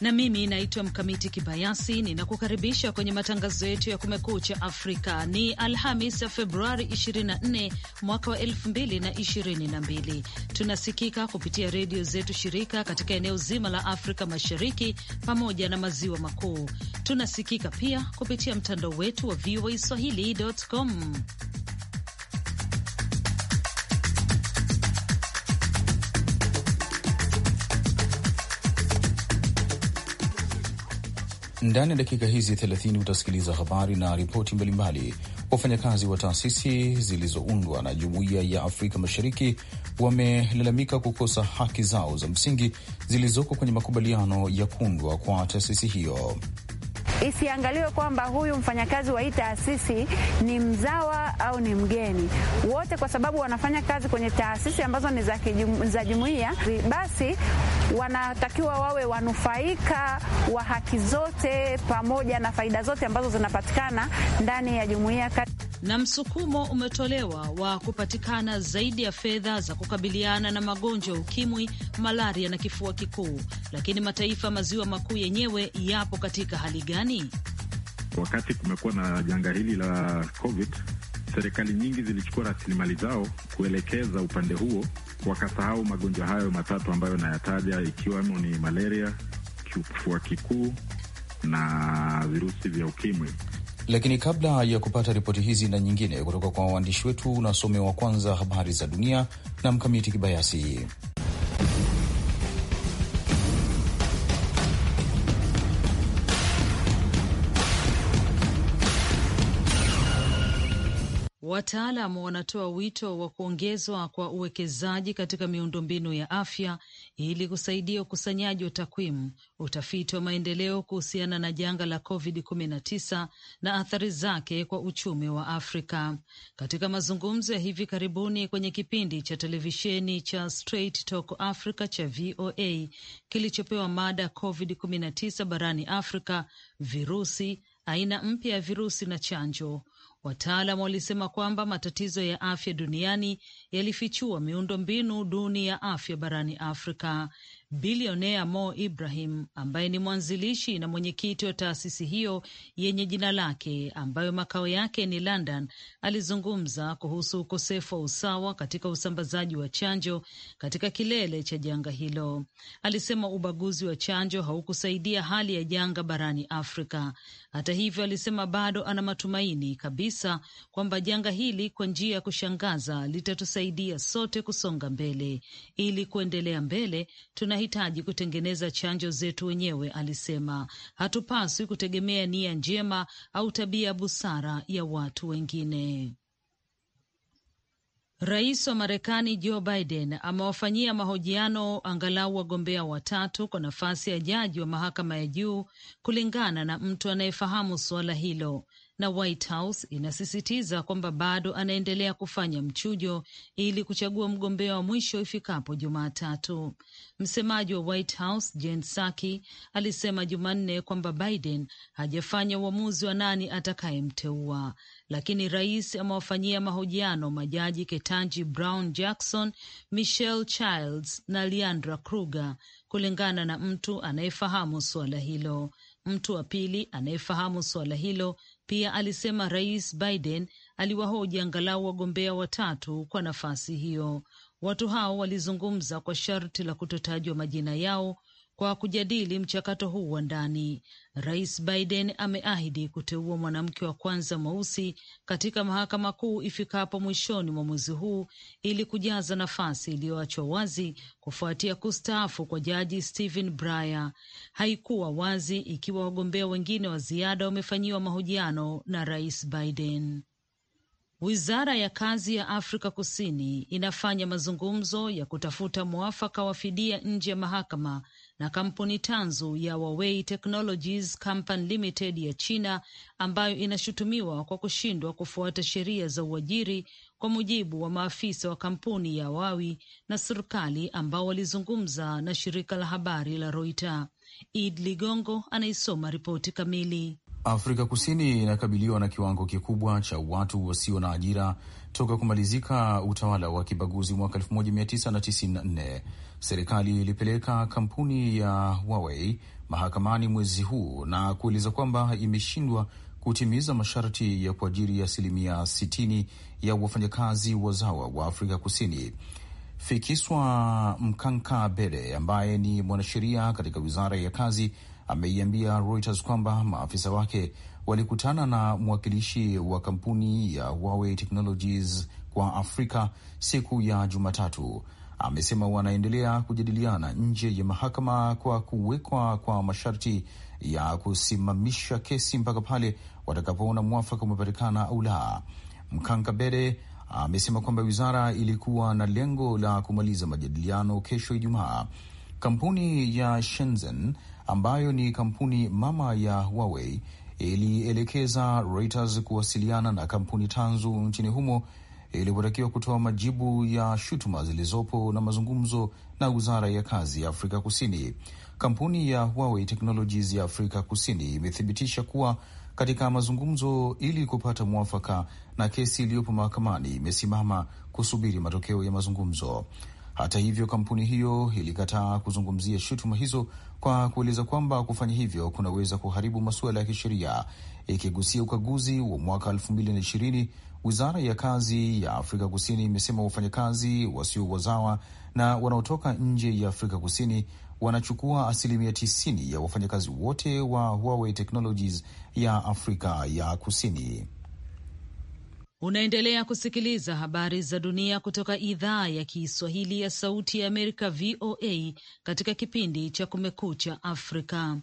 na mimi naitwa Mkamiti Kibayasi, ninakukaribisha kwenye matangazo yetu ya Kumekucha Afrika. Ni Alhamis ya Februari 24 mwaka wa 2022. Tunasikika kupitia redio zetu shirika katika eneo zima la Afrika Mashariki pamoja na Maziwa Makuu. Tunasikika pia kupitia mtandao wetu wa VOA swahili.com. Ndani ya dakika hizi 30 utasikiliza habari na ripoti mbalimbali. Wafanyakazi wa taasisi zilizoundwa na Jumuiya ya Afrika Mashariki wamelalamika kukosa haki zao za msingi zilizoko kwenye makubaliano ya kuundwa kwa taasisi hiyo isiangaliwe kwamba huyu mfanyakazi wa hii taasisi ni mzawa au ni mgeni. Wote kwa sababu wanafanya kazi kwenye taasisi ambazo ni za jumuiya, basi wanatakiwa wawe wanufaika wa haki zote pamoja na faida zote ambazo zinapatikana ndani ya jumuiya kati na msukumo umetolewa wa kupatikana zaidi ya fedha za kukabiliana na magonjwa ya ukimwi, malaria na kifua kikuu. Lakini mataifa maziwa makuu yenyewe yapo katika hali gani? Wakati kumekuwa na janga hili la COVID, serikali nyingi zilichukua rasilimali zao kuelekeza upande huo, wakasahau magonjwa hayo matatu ambayo nayataja, ikiwemo ni malaria, kifua kikuu na virusi vya ukimwi. Lakini kabla ya kupata ripoti hizi na nyingine kutoka kwa waandishi wetu, unasomewa kwanza habari za dunia na Mkamiti Kibayasi. Wataalam wanatoa wito wa kuongezwa kwa uwekezaji katika miundombinu ya afya ili kusaidia ukusanyaji wa takwimu, utafiti wa maendeleo kuhusiana na janga la COVID-19 na athari zake kwa uchumi wa Afrika. Katika mazungumzo ya hivi karibuni kwenye kipindi cha televisheni cha Straight Talk Africa cha VOA kilichopewa mada COVID-19 barani Afrika, virusi, aina mpya ya virusi na chanjo Wataalam walisema kwamba matatizo ya afya duniani yalifichua miundo mbinu duni ya afya barani Afrika. Bilionea Mo Ibrahim ambaye ni mwanzilishi na mwenyekiti wa taasisi hiyo yenye jina lake ambayo makao yake ni London, alizungumza kuhusu ukosefu wa usawa katika usambazaji wa chanjo katika kilele cha janga hilo. Alisema ubaguzi wa chanjo haukusaidia hali ya janga barani Afrika. Hata hivyo, alisema bado ana matumaini kabisa kwamba janga hili kwa njia ya kushangaza litatusaidia sote kusonga mbele. Ili kuendelea mbele, tunahitaji kutengeneza chanjo zetu wenyewe, alisema. Hatupaswi kutegemea nia njema au tabia busara ya watu wengine. Rais wa Marekani Joe Biden amewafanyia mahojiano angalau wagombea watatu kwa nafasi ya jaji wa mahakama ya juu kulingana na mtu anayefahamu suala hilo na White House inasisitiza kwamba bado anaendelea kufanya mchujo ili kuchagua mgombea wa mwisho ifikapo Jumatatu. Msemaji wa White House Jen Psaki alisema Jumanne kwamba Biden hajafanya uamuzi wa nani atakayemteua, lakini rais amewafanyia mahojiano majaji Ketanji Brown Jackson, Michelle Childs na Leandra Kruger kulingana na mtu anayefahamu suala hilo. Mtu wa pili anayefahamu suala hilo pia alisema Rais Biden aliwahoji angalau wagombea watatu kwa nafasi hiyo. Watu hao walizungumza kwa sharti la kutotajwa majina yao kwa kujadili mchakato huu wa ndani. Rais Biden ameahidi kuteua mwanamke wa kwanza mweusi katika mahakama kuu ifikapo mwishoni mwa mwezi huu ili kujaza nafasi iliyoachwa wazi kufuatia kustaafu kwa jaji Stephen Breyer. Haikuwa wazi ikiwa wagombea wengine wa ziada wamefanyiwa mahojiano na Rais Biden. Wizara ya kazi ya Afrika Kusini inafanya mazungumzo ya kutafuta mwafaka wa fidia nje ya mahakama na kampuni tanzu ya Huawei Technologies Company Limited ya China ambayo inashutumiwa kwa kushindwa kufuata sheria za uajiri kwa mujibu wa maafisa wa kampuni ya Huawei na serikali ambao walizungumza na shirika la habari la Reuters. Id Ligongo anaisoma ripoti kamili. Afrika Kusini inakabiliwa na kiwango kikubwa cha watu wasio na ajira toka kumalizika utawala wa kibaguzi mwaka 1994. Serikali ilipeleka kampuni ya Huawei mahakamani mwezi huu na kueleza kwamba imeshindwa kutimiza masharti ya kuajiri asilimia 60 ya wafanyakazi wazawa wa Afrika Kusini. Fikiswa Mkanka Bede ambaye ni mwanasheria katika wizara ya kazi ameiambia Reuters kwamba maafisa wake walikutana na mwakilishi wa kampuni ya Huawei Technologies kwa Afrika siku ya Jumatatu amesema wanaendelea kujadiliana nje ya mahakama kwa kuwekwa kwa masharti ya kusimamisha kesi mpaka pale watakapoona mwafaka umepatikana au la. Mkankabere amesema kwamba wizara ilikuwa na lengo la kumaliza majadiliano kesho Ijumaa. Kampuni ya Shenzhen ambayo ni kampuni mama ya Huawei ilielekeza Reuters kuwasiliana na kampuni tanzu nchini humo ilipotakiwa kutoa majibu ya shutuma zilizopo na mazungumzo na wizara ya kazi ya Afrika Kusini. Kampuni ya Huawei Technologies ya Afrika Kusini imethibitisha kuwa katika mazungumzo ili kupata mwafaka na kesi iliyopo mahakamani imesimama kusubiri matokeo ya mazungumzo. Hata hivyo, kampuni hiyo ilikataa kuzungumzia shutuma hizo kwa kueleza kwamba kufanya hivyo kunaweza kuharibu masuala ya kisheria, ikigusia ukaguzi wa mwaka elfu mbili na ishirini Wizara ya kazi ya Afrika Kusini imesema wafanyakazi wasio wazawa na wanaotoka nje ya Afrika Kusini wanachukua asilimia 90 ya wafanyakazi wote wa Huawei Technologies ya Afrika ya Kusini. Unaendelea kusikiliza habari za dunia kutoka idhaa ya Kiswahili ya Sauti ya Amerika, VOA, katika kipindi cha Kumekucha Afrika.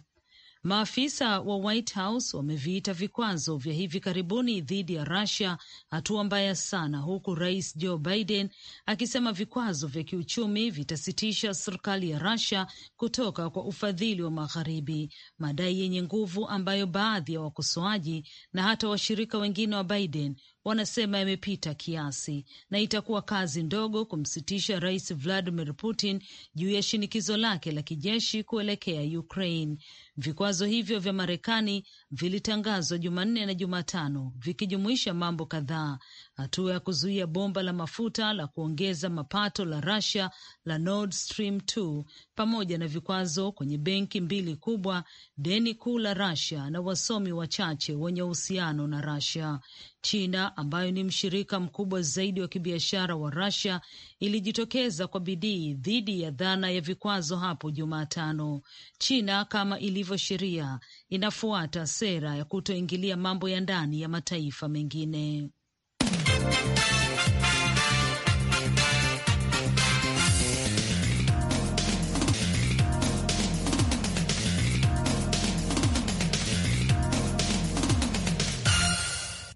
Maafisa wa White House wameviita vikwazo vya hivi karibuni dhidi ya Russia hatua mbaya sana, huku Rais Joe Biden akisema vikwazo vya kiuchumi vitasitisha serikali ya Russia kutoka kwa ufadhili wa Magharibi, madai yenye nguvu ambayo baadhi ya wakosoaji na hata washirika wengine wa Biden wanasema yamepita kiasi na itakuwa kazi ndogo kumsitisha Rais Vladimir Putin juu ya shinikizo lake la kijeshi kuelekea Ukraine. Vikwazo hivyo vya Marekani vilitangazwa Jumanne na Jumatano, vikijumuisha mambo kadhaa Hatua ya kuzuia bomba la mafuta la kuongeza mapato la Russia la Nord Stream 2 pamoja na vikwazo kwenye benki mbili kubwa, deni kuu la Russia na wasomi wachache wenye uhusiano na Russia. China ambayo ni mshirika mkubwa zaidi wa kibiashara wa Russia ilijitokeza kwa bidii dhidi ya dhana ya vikwazo hapo Jumatano. China kama ilivyo sheria inafuata sera ya kutoingilia mambo ya ndani ya mataifa mengine.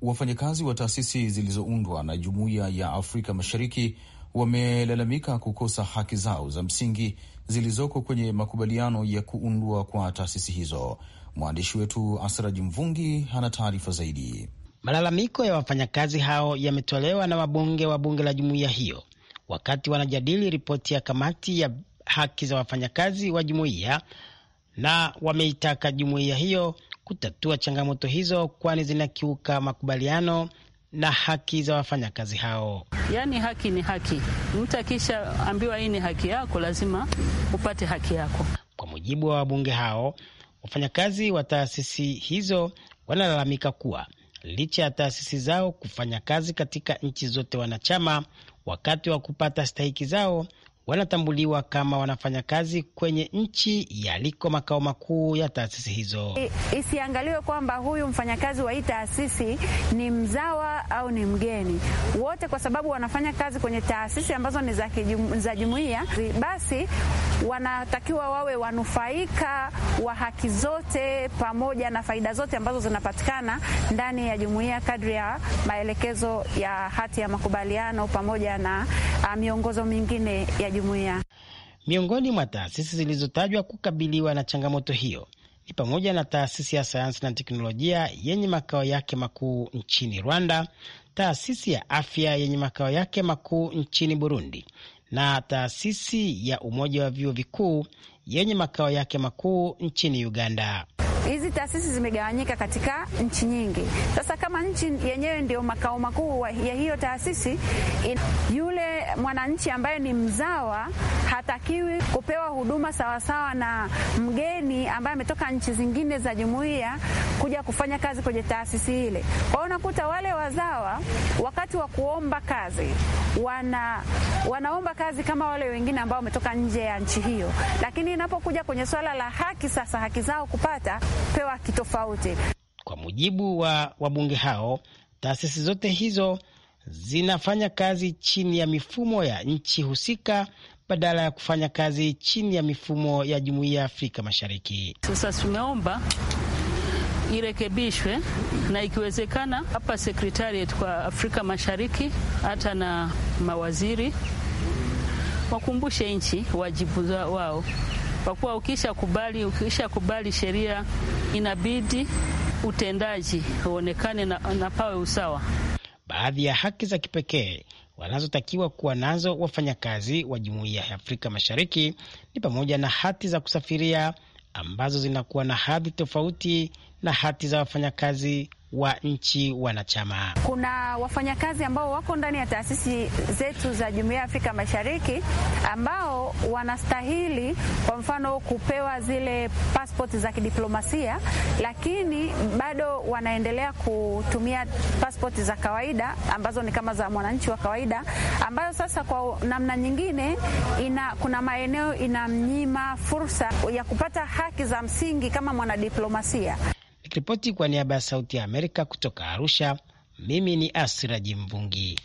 Wafanyakazi wa taasisi zilizoundwa na Jumuiya ya Afrika Mashariki wamelalamika kukosa haki zao za msingi zilizoko kwenye makubaliano ya kuundwa kwa taasisi hizo. Mwandishi wetu Asraji Mvungi ana taarifa zaidi. Malalamiko ya wafanyakazi hao yametolewa na wabunge wa bunge la jumuiya hiyo wakati wanajadili ripoti ya kamati ya haki za wafanyakazi wa jumuiya, na wameitaka jumuiya hiyo kutatua changamoto hizo, kwani zinakiuka makubaliano na haki za wafanyakazi hao. Yaani, haki ni haki. Mtu akisha ambiwa hii ni haki yako, lazima upate haki yako. Kwa mujibu wa wabunge hao, wafanyakazi wa taasisi hizo wanalalamika kuwa licha ya taasisi zao kufanya kazi katika nchi zote wanachama, wakati wa kupata stahiki zao wanatambuliwa kama wanafanya kazi kwenye nchi yaliko makao makuu ya taasisi hizo. Isiangaliwe kwamba huyu mfanyakazi wa hii taasisi ni mzawa au ni mgeni, wote kwa sababu wanafanya kazi kwenye taasisi ambazo ni za jumuiya, basi wanatakiwa wawe wanufaika wa haki zote pamoja na faida zote ambazo zinapatikana ndani ya jumuiya kadri ya maelekezo ya hati ya makubaliano pamoja na ah, miongozo mingine ya jumuiya. Miongoni mwa taasisi zilizotajwa kukabiliwa na changamoto hiyo ni pamoja na taasisi ya sayansi na teknolojia yenye makao yake makuu nchini Rwanda, taasisi ya afya yenye makao yake makuu nchini Burundi na taasisi ya umoja wa vyuo vikuu yenye makao yake makuu nchini Uganda hizi taasisi zimegawanyika katika nchi nyingi. Sasa kama nchi yenyewe ndio makao makuu ya hiyo taasisi, yule mwananchi ambaye ni mzawa hatakiwi kupewa huduma sawasawa na mgeni ambaye ametoka nchi zingine za jumuiya kuja kufanya kazi kwenye taasisi ile. kwao unakuta wale wazawa wakati wa kuomba kazi wana, wanaomba kazi kama wale wengine ambao wametoka nje ya nchi hiyo, lakini inapokuja kwenye swala la haki sasa, haki zao kupata wanapewa kitofauti. Kwa mujibu wa wabunge hao, taasisi zote hizo zinafanya kazi chini ya mifumo ya nchi husika badala ya kufanya kazi chini ya mifumo ya jumuiya ya Afrika Mashariki. Sasa tumeomba irekebishwe na ikiwezekana hapa sekretariat kwa Afrika Mashariki, hata na mawaziri wakumbushe nchi wajibu wao kwa kuwa ukishakubali kubali sheria inabidi utendaji uonekane na, na pawe usawa. Baadhi ya haki za kipekee wanazotakiwa kuwa nazo wafanyakazi wa Jumuiya ya Afrika Mashariki ni pamoja na hati za kusafiria ambazo zinakuwa na hadhi tofauti na hati za wafanyakazi wa nchi wanachama. Kuna wafanyakazi ambao wako ndani ya taasisi zetu za Jumuiya ya Afrika Mashariki ambao wanastahili kwa mfano kupewa zile pasipoti za kidiplomasia, lakini bado wanaendelea kutumia pasipoti za kawaida ambazo ni kama za mwananchi wa kawaida, ambayo sasa kwa namna nyingine ina, kuna maeneo inamnyima fursa ya kupata haki za msingi kama mwanadiplomasia nikiripoti kwa niaba ya Sauti ya Amerika kutoka Arusha, mimi ni Asira Jimvungi.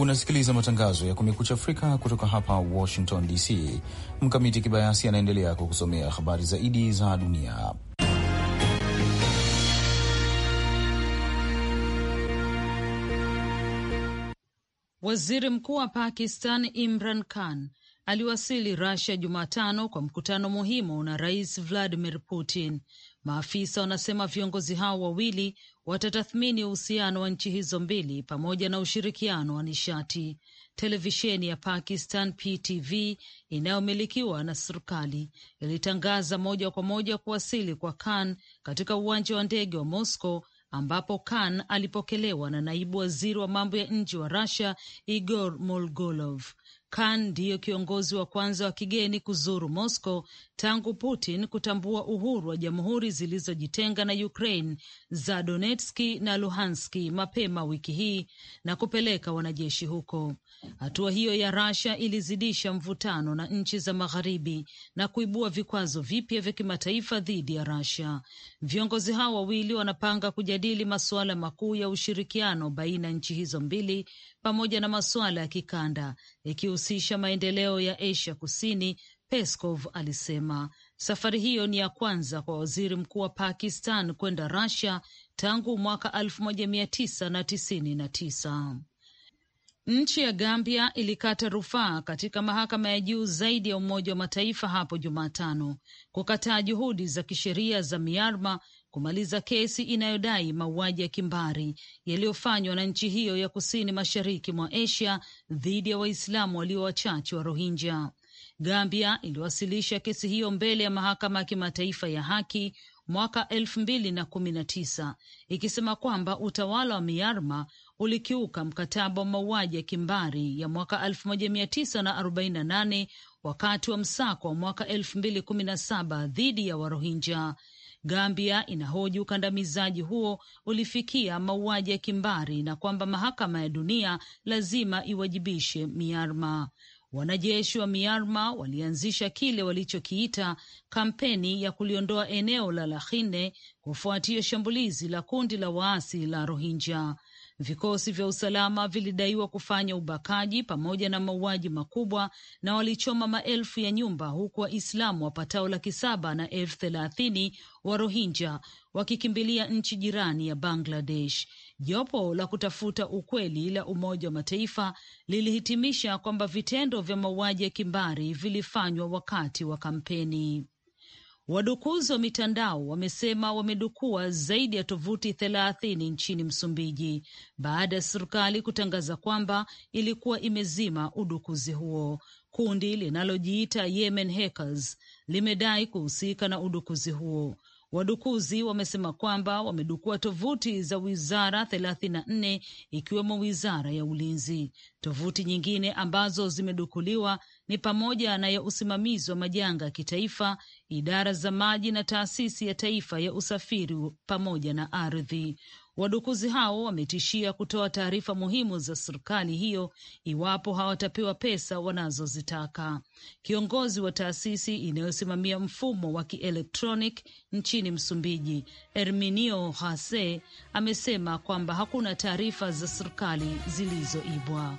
Unasikiliza matangazo ya Kumekucha Afrika kutoka hapa Washington DC. Mkamiti Kibayasi anaendelea kukusomea habari zaidi za dunia. Waziri Mkuu wa Pakistan Imran Khan aliwasili rusia Jumatano kwa mkutano muhimu na Rais Vladimir Putin Maafisa wanasema viongozi hao wawili watatathmini uhusiano wa nchi hizo mbili pamoja na ushirikiano wa nishati. Televisheni ya Pakistan PTV inayomilikiwa na serikali ilitangaza moja kwa moja kuwasili kwa Khan katika uwanja wa ndege wa Moscow ambapo Khan alipokelewa na naibu waziri wa mambo ya nje wa Russia Igor Molgolov. Khan ndiyo kiongozi wa kwanza wa kigeni kuzuru Moscow tangu Putin kutambua uhuru wa jamhuri zilizojitenga na Ukraine za Donetski na Luhanski mapema wiki hii na kupeleka wanajeshi huko. Hatua hiyo ya Russia ilizidisha mvutano na nchi za magharibi na kuibua vikwazo vipya vya kimataifa dhidi ya Russia. Viongozi hao wawili wanapanga kujadili masuala makuu ya ushirikiano baina ya nchi hizo mbili pamoja na masuala ya kikanda ikihusisha maendeleo ya Asia Kusini, Peskov alisema. Safari hiyo ni ya kwanza kwa waziri mkuu wa Pakistan kwenda Russia tangu mwaka 1999. Nchi ya Gambia ilikata rufaa katika mahakama ya juu zaidi ya Umoja wa Mataifa hapo Jumatano kukataa juhudi za kisheria za Myanmar kumaliza kesi inayodai mauaji ya kimbari yaliyofanywa na nchi hiyo ya kusini mashariki mwa Asia dhidi ya Waislamu walio wachache wa Rohingya. Gambia iliwasilisha kesi hiyo mbele ya mahakama ya kimataifa ya haki mwaka elfu mbili na kumi na tisa ikisema kwamba utawala wa Myanmar ulikiuka mkataba wa mauaji ya kimbari ya mwaka elfu moja na arobaini wakati wa msako wa mwaka elfu mbili kumi na saba dhidi ya Warohinja. Gambia inahoji ukandamizaji huo ulifikia mauaji ya kimbari na kwamba mahakama ya dunia lazima iwajibishe Myanmar. Wanajeshi wa Myanmar walianzisha kile walichokiita kampeni ya kuliondoa eneo la Rakhine kufuatia shambulizi la kundi la waasi la Rohingya. Vikosi vya usalama vilidaiwa kufanya ubakaji pamoja na mauaji makubwa na walichoma maelfu ya nyumba, huku Waislamu wapatao laki saba na elfu thelathini wa Rohingya wakikimbilia nchi jirani ya Bangladesh. Jopo la kutafuta ukweli la Umoja wa Mataifa lilihitimisha kwamba vitendo vya mauaji ya kimbari vilifanywa wakati wa kampeni. Wadukuzi wa mitandao wamesema wamedukua zaidi ya tovuti thelathini nchini Msumbiji baada ya serikali kutangaza kwamba ilikuwa imezima udukuzi huo. Kundi linalojiita Yemen Hackers limedai kuhusika na udukuzi huo. Wadukuzi wamesema kwamba wamedukua tovuti za wizara 34 ikiwemo wizara ya ulinzi. Tovuti nyingine ambazo zimedukuliwa ni pamoja na ya usimamizi wa majanga ya kitaifa, idara za maji na taasisi ya taifa ya usafiri pamoja na ardhi. Wadukuzi hao wametishia kutoa taarifa muhimu za serikali hiyo iwapo hawatapewa pesa wanazozitaka. Kiongozi wa taasisi inayosimamia mfumo wa kielektronic nchini Msumbiji, Herminio Hase, amesema kwamba hakuna taarifa za serikali zilizoibwa.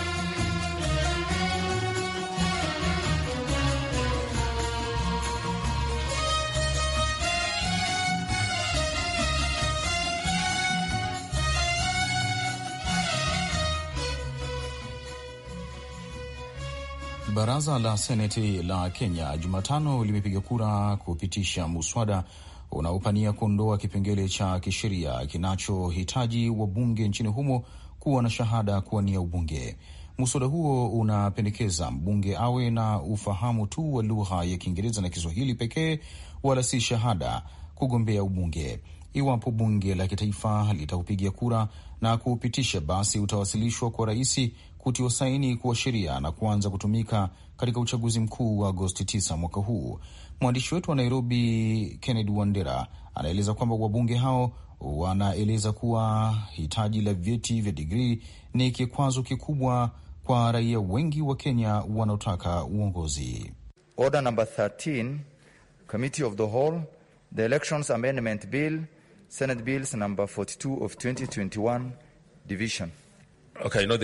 Baraza la Seneti la Kenya Jumatano limepiga kura kupitisha muswada unaopania kuondoa kipengele cha kisheria kinachohitaji wabunge nchini humo kuwa na shahada kuwania ubunge. Muswada huo unapendekeza mbunge awe na ufahamu tu wa lugha ya Kiingereza na Kiswahili pekee, wala si shahada kugombea ubunge. Iwapo bunge la kitaifa litaupigia kura na kuupitisha, basi utawasilishwa kwa raisi kutiwa saini kuwa sheria na kuanza kutumika katika uchaguzi mkuu wa Agosti 9 mwaka huu. Mwandishi wetu wa Nairobi, Kennedy Wandera, anaeleza kwamba wabunge hao wanaeleza kuwa hitaji la vyeti vya digrii ni kikwazo kikubwa kwa raia wengi wa Kenya wanaotaka uongozi. Order number 13, Committee of the Whole, the Elections Amendment Bill, Senate Bills number 42 of 2021, division Okay, no,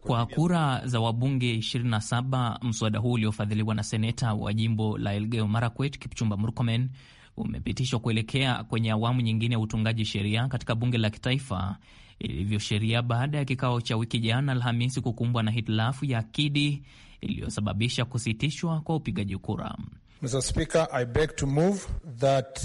kwa kura za wabunge 27 mswada huu uliofadhiliwa na seneta wa jimbo la Elgeyo Marakwet Kipchumba Murkomen umepitishwa kuelekea kwenye awamu nyingine ya utungaji sheria katika bunge la kitaifa ilivyo sheria baada ya kikao cha wiki jana Alhamisi kukumbwa na hitilafu ya akidi iliyosababisha kusitishwa kwa upigaji kura. Mr. Speaker, I beg to move that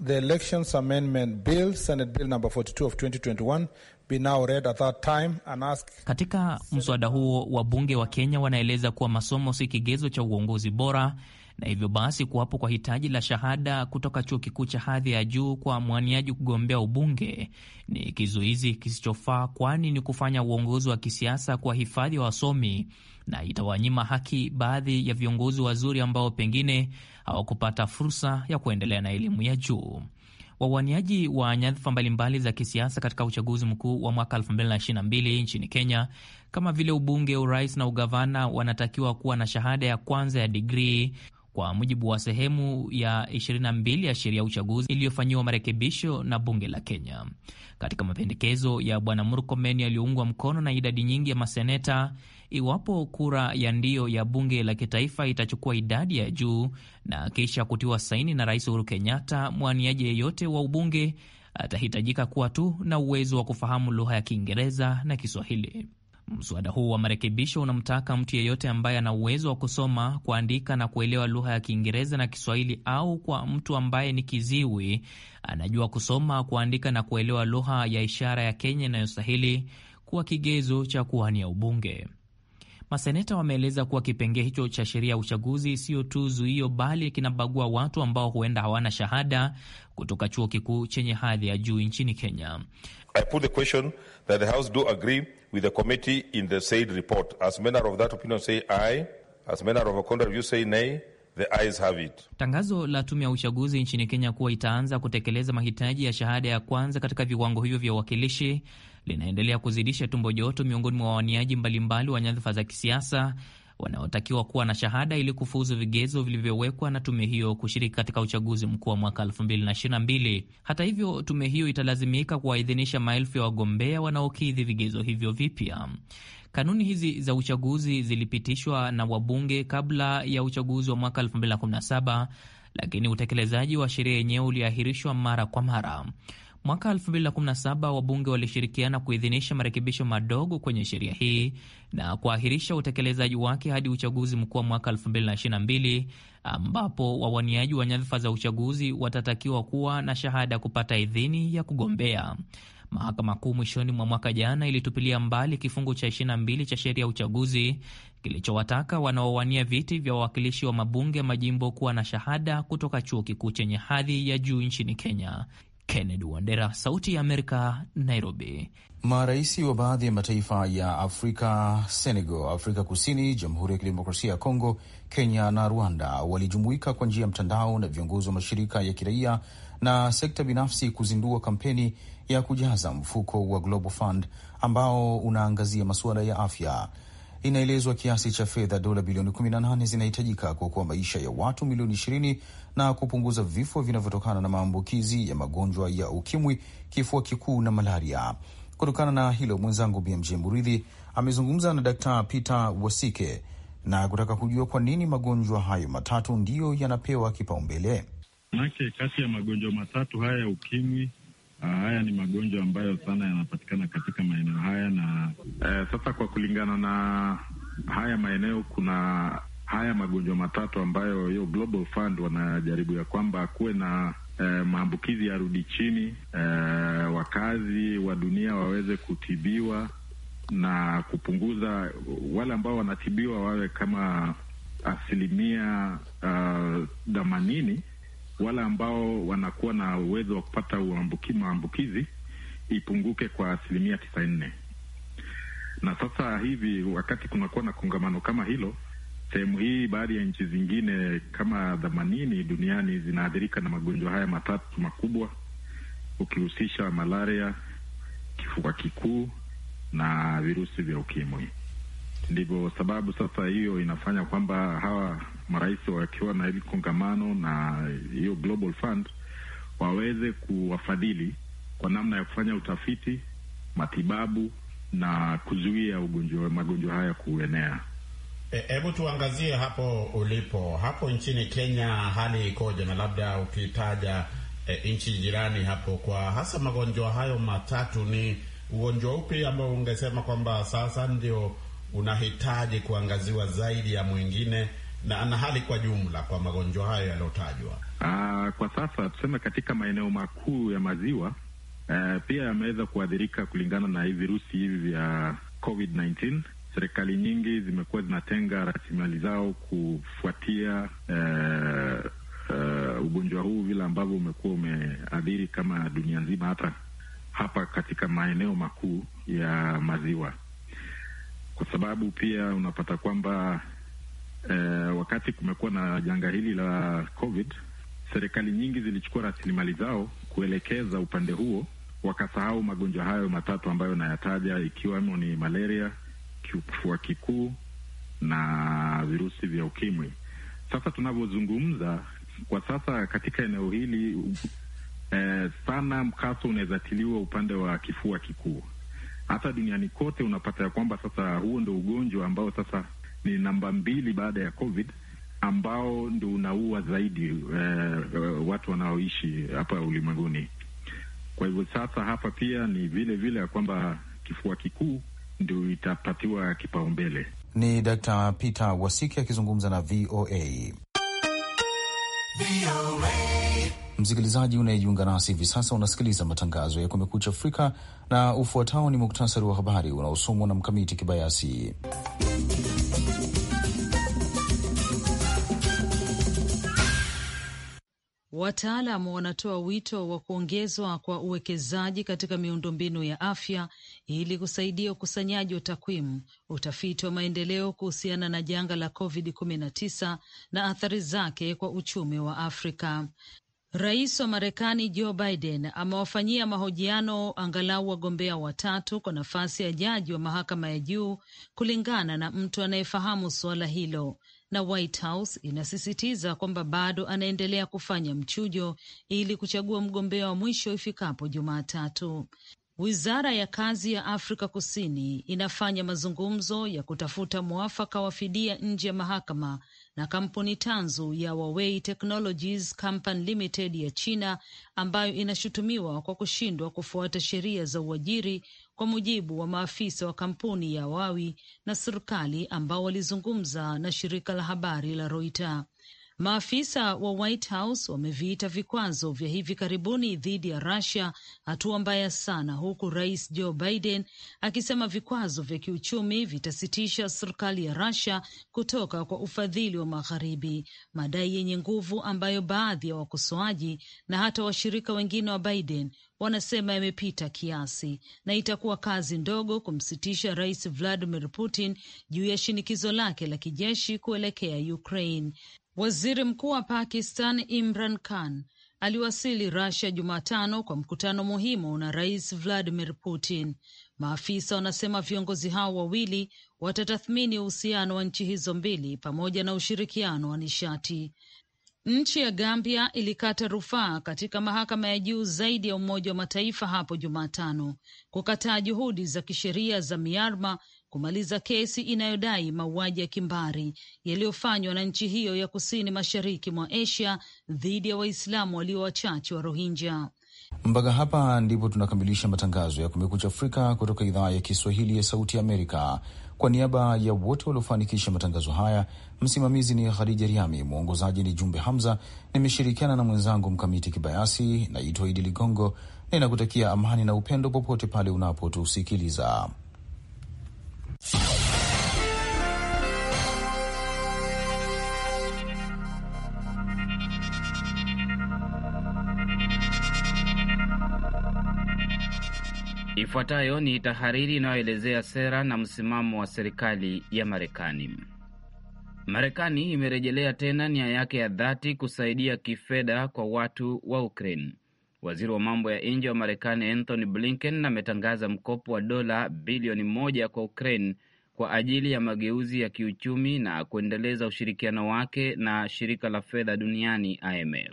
the Elections Amendment Bill, Senate Bill number 42 of 2021 be now read at that time and ask. Katika mswada huo wabunge wa Kenya wanaeleza kuwa masomo si kigezo cha uongozi bora na hivyo basi kuwapo kwa hitaji la shahada kutoka chuo kikuu cha hadhi ya juu kwa mwaniaji kugombea ubunge ni kizuizi kisichofaa, kwani ni kufanya uongozi wa kisiasa kwa hifadhi ya wa wasomi na itawanyima haki baadhi ya viongozi wazuri ambao pengine hawakupata fursa ya kuendelea na elimu ya juu. Wawaniaji wa nyadhifa mbalimbali za kisiasa katika uchaguzi mkuu wa mwaka 2022 nchini Kenya kama vile ubunge, urais na ugavana wanatakiwa kuwa na shahada ya kwanza ya digrii kwa mujibu wa sehemu ya 22 ya sheria ya uchaguzi iliyofanyiwa marekebisho na bunge la Kenya. Katika mapendekezo ya Bwana Murkomen yaliyoungwa mkono na idadi nyingi ya maseneta, iwapo kura ya ndio ya bunge la kitaifa itachukua idadi ya juu na kisha kutiwa saini na Rais Uhuru Kenyatta, mwaniaji yeyote wa ubunge atahitajika kuwa tu na uwezo wa kufahamu lugha ya Kiingereza na Kiswahili. Mswada huu wa marekebisho unamtaka mtu yeyote ambaye ana uwezo wa kusoma, kuandika na kuelewa lugha ya Kiingereza na Kiswahili, au kwa mtu ambaye ni kiziwi, anajua kusoma, kuandika na kuelewa lugha ya ishara ya Kenya inayostahili kuwa kigezo cha kuwania ubunge. Maseneta wameeleza kuwa kipengee hicho cha sheria ya uchaguzi sio tu zuio, bali kinabagua watu ambao huenda hawana shahada kutoka chuo kikuu chenye hadhi ya juu nchini Kenya. I put the question that the House do agree with the committee in the said report. As manner of that opinion say aye, as manner of a say nay. The eyes have it. Tangazo la tume ya uchaguzi nchini Kenya kuwa itaanza kutekeleza mahitaji ya shahada ya kwanza katika viwango hivyo vya uwakilishi linaendelea kuzidisha tumbo joto miongoni mwa wawaniaji mbalimbali wa nyadhifa za kisiasa wanaotakiwa kuwa na shahada ili kufuzu vigezo vilivyowekwa na tume hiyo kushiriki katika uchaguzi mkuu wa mwaka 2022. Hata hivyo, tume hiyo italazimika kuwaidhinisha maelfu ya wagombea wanaokidhi vigezo hivyo vipya. Kanuni hizi za uchaguzi zilipitishwa na wabunge kabla ya uchaguzi wa mwaka 2017, lakini utekelezaji wa sheria yenyewe uliahirishwa mara kwa mara. Mwaka 2017 wabunge walishirikiana kuidhinisha marekebisho madogo kwenye sheria hii na kuahirisha utekelezaji wake hadi uchaguzi mkuu wa mwaka 2022 ambapo wawaniaji wa nyadhifa za uchaguzi watatakiwa kuwa na shahada ya kupata idhini ya kugombea. Mahakama Kuu mwishoni mwa mwaka jana ilitupilia mbali kifungu cha 22 cha sheria ya uchaguzi kilichowataka wanaowania viti vya wawakilishi wa mabunge majimbo kuwa na shahada kutoka chuo kikuu chenye hadhi ya juu nchini Kenya. Kennedy Wandera, Sauti ya Amerika, Nairobi. Marais wa baadhi ya mataifa ya Afrika, Senegal, Afrika Kusini, Jamhuri ya Kidemokrasia ya Kongo, Kenya na Rwanda walijumuika kwa njia ya mtandao na viongozi wa mashirika ya kiraia na sekta binafsi kuzindua kampeni ya kujaza mfuko wa Global Fund ambao unaangazia masuala ya afya. Inaelezwa kiasi cha fedha dola bilioni 18 zinahitajika kuokoa maisha ya watu milioni 20 na kupunguza vifo vinavyotokana na maambukizi ya magonjwa ya ukimwi, kifua kikuu na malaria. Kutokana na hilo, mwenzangu BMJ Muridhi amezungumza na Dkt. Peter Wasike na kutaka kujua kwa nini magonjwa hayo matatu ndiyo yanapewa kipaumbele. Manake kati ya magonjwa matatu haya ya ukimwi ah, haya ni magonjwa ambayo sana yanapatikana katika maeneo haya na uh, sasa, kwa kulingana na haya maeneo, kuna haya magonjwa matatu ambayo hiyo Global Fund wanajaribu ya kwamba kuwe na E, maambukizi yarudi chini, e, wakazi wa dunia waweze kutibiwa na kupunguza wale ambao wanatibiwa wawe kama asilimia eh, themanini. Uh, wale ambao wanakuwa na uwezo wa kupata maambukizi ipunguke kwa asilimia tisa nne. Na sasa hivi wakati kunakuwa na kongamano kama hilo sehemu hii, baadhi ya nchi zingine kama themanini duniani zinaathirika na magonjwa haya matatu makubwa, ukihusisha malaria, kifua kikuu na virusi vya ukimwi. Ndivyo sababu sasa hiyo inafanya kwamba hawa marais wakiwa na hili kongamano na hiyo Global Fund waweze kuwafadhili kwa namna ya kufanya utafiti, matibabu na kuzuia ugonjwa, magonjwa haya kuenea. Eh, hebu tuangazie hapo ulipo hapo nchini Kenya, hali ikoje? Na labda ukitaja e, nchi jirani hapo, kwa hasa magonjwa hayo matatu, ni ugonjwa upi ambao ungesema kwamba sasa ndio unahitaji kuangaziwa zaidi ya mwingine, na, na hali kwa jumla kwa magonjwa hayo yaliyotajwa? Aa, ah, kwa sasa tuseme katika maeneo makuu ya maziwa eh, pia yameweza kuathirika kulingana na virusi hivi vya COVID-19 serikali nyingi zimekuwa zinatenga rasilimali zao kufuatia uh, uh, ugonjwa huu vile ambavyo umekuwa umeathiri kama dunia nzima, hata hapa katika maeneo makuu ya maziwa, kwa sababu pia unapata kwamba uh, wakati kumekuwa na janga hili la COVID, serikali nyingi zilichukua rasilimali zao kuelekeza upande huo, wakasahau magonjwa hayo matatu ambayo nayataja, ikiwemo ni malaria kifua kikuu na virusi vya ukimwi. Sasa tunavyozungumza kwa sasa katika eneo hili eh, sana mkaso unawezatiliwa upande wa kifua kikuu. Hata duniani kote unapata ya kwamba sasa huo ndo ugonjwa ambao sasa ni namba mbili baada ya COVID ambao ndo unaua zaidi eh, watu wanaoishi hapa ulimwenguni. Kwa hivyo sasa hapa pia ni vile vile ya kwamba kifua kikuu ndio itapatiwa kipaumbele. Ni Dr. Peter Wasiki akizungumza na VOA. Msikilizaji unayejiunga nasi hivi sasa, unasikiliza matangazo ya Kumekucha Afrika na ufuatao ni muktasari wa habari unaosomwa na Mkamiti Kibayasi. Wataalam wanatoa wito wa kuongezwa kwa uwekezaji katika miundombinu ya afya ili kusaidia ukusanyaji wa takwimu, utafiti wa maendeleo kuhusiana na janga la COVID-19 na athari zake kwa uchumi wa Afrika. Rais wa Marekani Joe Biden amewafanyia mahojiano angalau wagombea watatu kwa nafasi ya jaji wa mahakama ya juu kulingana na mtu anayefahamu suala hilo, na White House inasisitiza kwamba bado anaendelea kufanya mchujo ili kuchagua mgombea wa mwisho ifikapo Jumatatu. Wizara ya kazi ya Afrika Kusini inafanya mazungumzo ya kutafuta mwafaka wa fidia nje ya mahakama na kampuni tanzu ya Huawei Technologies Company Limited ya China ambayo inashutumiwa kwa kushindwa kufuata sheria za uajiri, kwa mujibu wa maafisa wa kampuni ya Huawei na serikali ambao walizungumza na shirika la habari la Reuters. Maafisa wa White House wameviita vikwazo vya hivi karibuni dhidi ya Russia hatua mbaya sana, huku Rais Joe Biden akisema vikwazo vya kiuchumi vitasitisha serikali ya Russia kutoka kwa ufadhili wa Magharibi, madai yenye nguvu ambayo baadhi ya wakosoaji na hata washirika wengine wa Biden wanasema yamepita kiasi na itakuwa kazi ndogo kumsitisha Rais Vladimir Putin juu ya shinikizo lake la kijeshi kuelekea Ukraine. Waziri Mkuu wa Pakistan Imran Khan aliwasili rasia Jumatano kwa mkutano muhimu na Rais Vladimir Putin. Maafisa wanasema viongozi hao wawili watatathmini uhusiano wa nchi hizo mbili pamoja na ushirikiano wa nishati. Nchi ya Gambia ilikata rufaa katika mahakama ya juu zaidi ya Umoja wa Mataifa hapo Jumatano kukataa juhudi za kisheria za Myanmar kumaliza kesi inayodai mauaji ya kimbari yaliyofanywa na nchi hiyo ya kusini mashariki mwa Asia dhidi ya Waislamu walio wachache wa Rohingya. Mpaka hapa ndipo tunakamilisha matangazo ya Kumekucha Afrika kutoka idhaa ya Kiswahili ya Sauti ya Amerika. Kwa niaba ya wote waliofanikisha matangazo haya, msimamizi ni Khadija Riami, mwongozaji ni Jumbe Hamza. Nimeshirikiana na mwenzangu Mkamiti Kibayasi. Naitwa Idi Ligongo, ninakutakia amani na upendo popote pale unapotusikiliza. Ifuatayo ni tahariri inayoelezea sera na msimamo wa serikali ya Marekani. Marekani imerejelea tena nia yake ya dhati kusaidia kifedha kwa watu wa Ukraine. Waziri wa mambo ya nje wa Marekani Anthony Blinken ametangaza mkopo wa dola bilioni moja kwa Ukraine kwa ajili ya mageuzi ya kiuchumi na kuendeleza ushirikiano wake na shirika la fedha duniani IMF.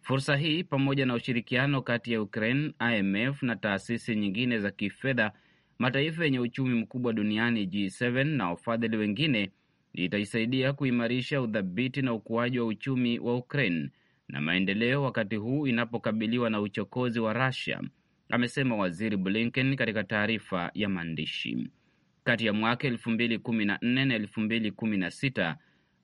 Fursa hii pamoja na ushirikiano kati ya Ukraine, IMF na taasisi nyingine za kifedha, mataifa yenye uchumi mkubwa duniani G7 na wafadhili wengine, itaisaidia kuimarisha udhabiti na ukuaji wa uchumi wa Ukraine na maendeleo wakati huu inapokabiliwa na uchokozi wa rusia amesema Waziri Blinken katika taarifa ya maandishi. Kati ya mwaka 2014 na 2016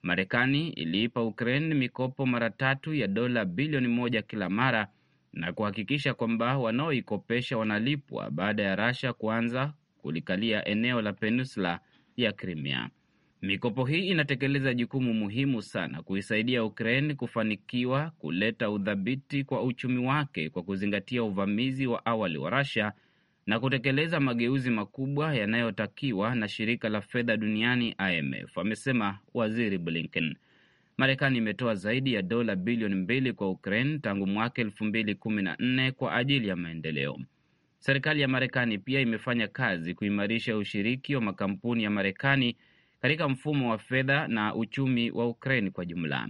Marekani iliipa Ukraine mikopo mara tatu ya dola bilioni moja kila mara na kuhakikisha kwamba wanaoikopesha wanalipwa baada ya rasha kuanza kulikalia eneo la peninsula ya Crimea. Mikopo hii inatekeleza jukumu muhimu sana kuisaidia Ukraine kufanikiwa kuleta udhabiti kwa uchumi wake kwa kuzingatia uvamizi wa awali wa Russia na kutekeleza mageuzi makubwa yanayotakiwa na shirika la fedha duniani IMF, amesema Waziri Blinken. Marekani imetoa zaidi ya dola bilioni mbili kwa Ukraine tangu mwaka elfu mbili kumi na nne kwa ajili ya maendeleo. Serikali ya Marekani pia imefanya kazi kuimarisha ushiriki wa makampuni ya Marekani katika mfumo wa fedha na uchumi wa Ukraine kwa jumla.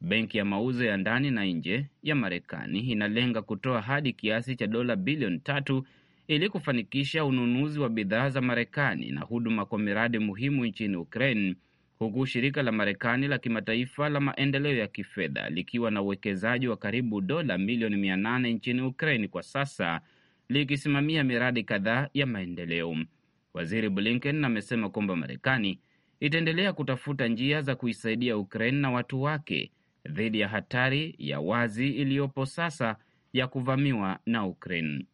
Benki ya mauzo ya ndani na nje ya Marekani inalenga kutoa hadi kiasi cha dola bilioni tatu ili kufanikisha ununuzi wa bidhaa za Marekani na huduma kwa miradi muhimu nchini Ukraine, huku shirika la Marekani la kimataifa la maendeleo ya kifedha likiwa na uwekezaji wa karibu dola milioni mia nane nchini Ukraine kwa sasa likisimamia miradi kadhaa ya maendeleo. Waziri Blinken amesema kwamba Marekani itaendelea kutafuta njia za kuisaidia Ukraine na watu wake dhidi ya hatari ya wazi iliyopo sasa ya kuvamiwa na Ukraine.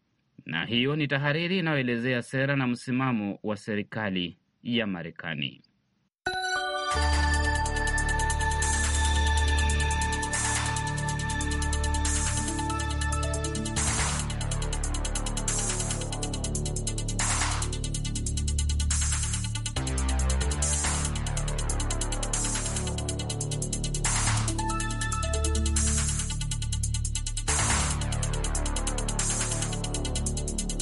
Na hiyo ni tahariri inayoelezea sera na msimamo wa serikali ya Marekani.